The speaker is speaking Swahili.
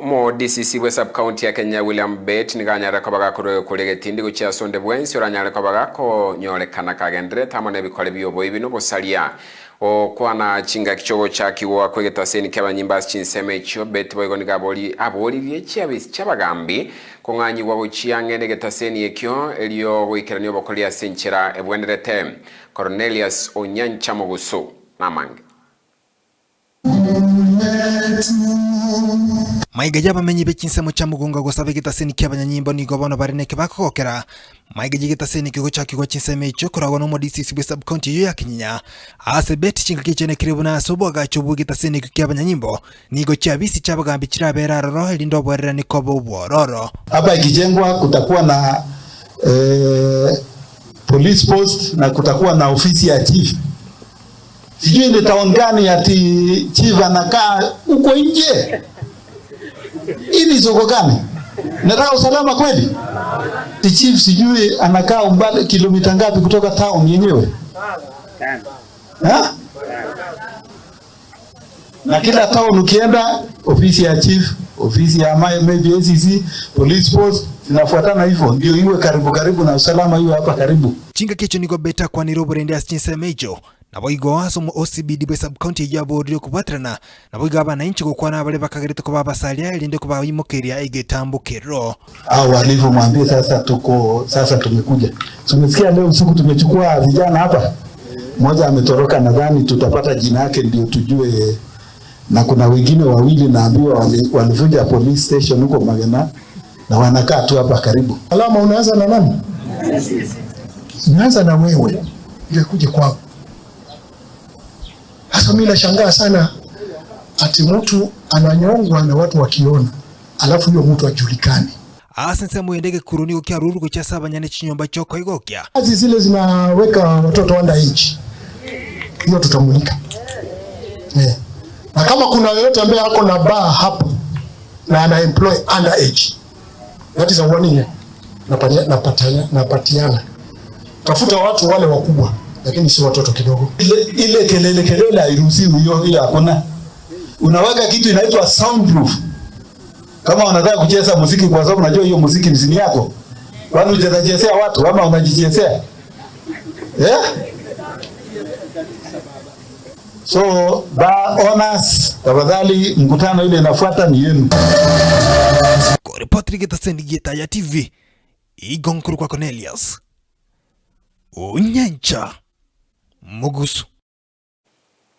mo dcc we sub county ya kenya william bet niganyareko bagakorwo kuregetindi guchiasonde bwensi uranyareko bagakonyorekana kagendere tamo nebikore biobo ibi nubusaria okwana chinga kichogo chakiwa kwegeta seni kyabanyimba chinseme ekyo bet boigo nigabori aboririe chiabisi chabagambi kung'anyiwa buchiang'e negeta seni ekyo elio gwikerania obokoria sinchera ebwenderete cornelius onyancha mugusu namange maigaji bamenyi bekinse mucha mugunga gosabe gitaseni kia abanyanyimbo nigo bono bareneke bakogokera maigaji gitaseni cha kigo chinse mecho koragwa no modisi sibe sub county yo yakinyinya ase beti chinga kichene kiribu na sobo agacho bu gitaseni kia abanyanyimbo nigo cha bisi cha bagambi bera roro lindo bwerera niko bwororo hapa ikijengwa kutakuwa na eh, police post na kutakuwa na ofisi ya chief sijui ni town gani ati chief anakaa huko nje ili ni gani? Nataka usalama kweli? The chief sijui anakaa umbali kilomita ngapi kutoka town yenyewe? Ha? Na kila town ukienda ofisi ya chief, ofisi ya maybe ACC, police force zinafuatana hivyo ndio iwe karibu karibu na usalama iwe hapa karibu. Chinga kicho niko beta kwa Nairobi rendia sinse mejo nabo waso mu OCBD bwe subcounty ya yaborire kubatrana nabo iga abananchi gukwana abale bakagerete ko babasalia ilinde ko bayimukiria igetambukiro au mwambie sasa tuko sasa tumekuja tumesikia leo usiku tumechukua vijana hapa mmoja ametoroka nadhani tutapata jina yake ndio tujue na kuna wengine wawili naambiwa walivunja police station huko Magana na wanakaa tu hapa karibu alama unaanza na nani unaanza na wewe ndio kuja kwako sasa mimi nashangaa sana ati mtu ananyongwa na watu wakiona, alafu hiyo mtu ajulikane. Asensa muendege kuruni ukia ruru kucha saba nyane chinyomba choko igokia azi zile zinaweka watoto wanda inchi. Hiyo tutamulika. Yeah. Na kama kuna yoyote ambaye ako na baa hapo na ana employ under age. That is a warning. Napatiana. Tafuta watu wale wakubwa lakini si watoto kidogo. Ile, ile kelele kelele hairuhusi hiyo hiyo hakuna. Unaweka kitu inaitwa soundproof kama unataka kucheza muziki, kwa sababu unajua hiyo muziki ni yako, kwani unajichezea watu ama unajichezea yeah? So ba onas, tafadhali mkutano ile inafuata ni yenu. Kore Patrick Getasendigeta ya TV, Igonkuru kwa Cornelius Onyancha. Mugus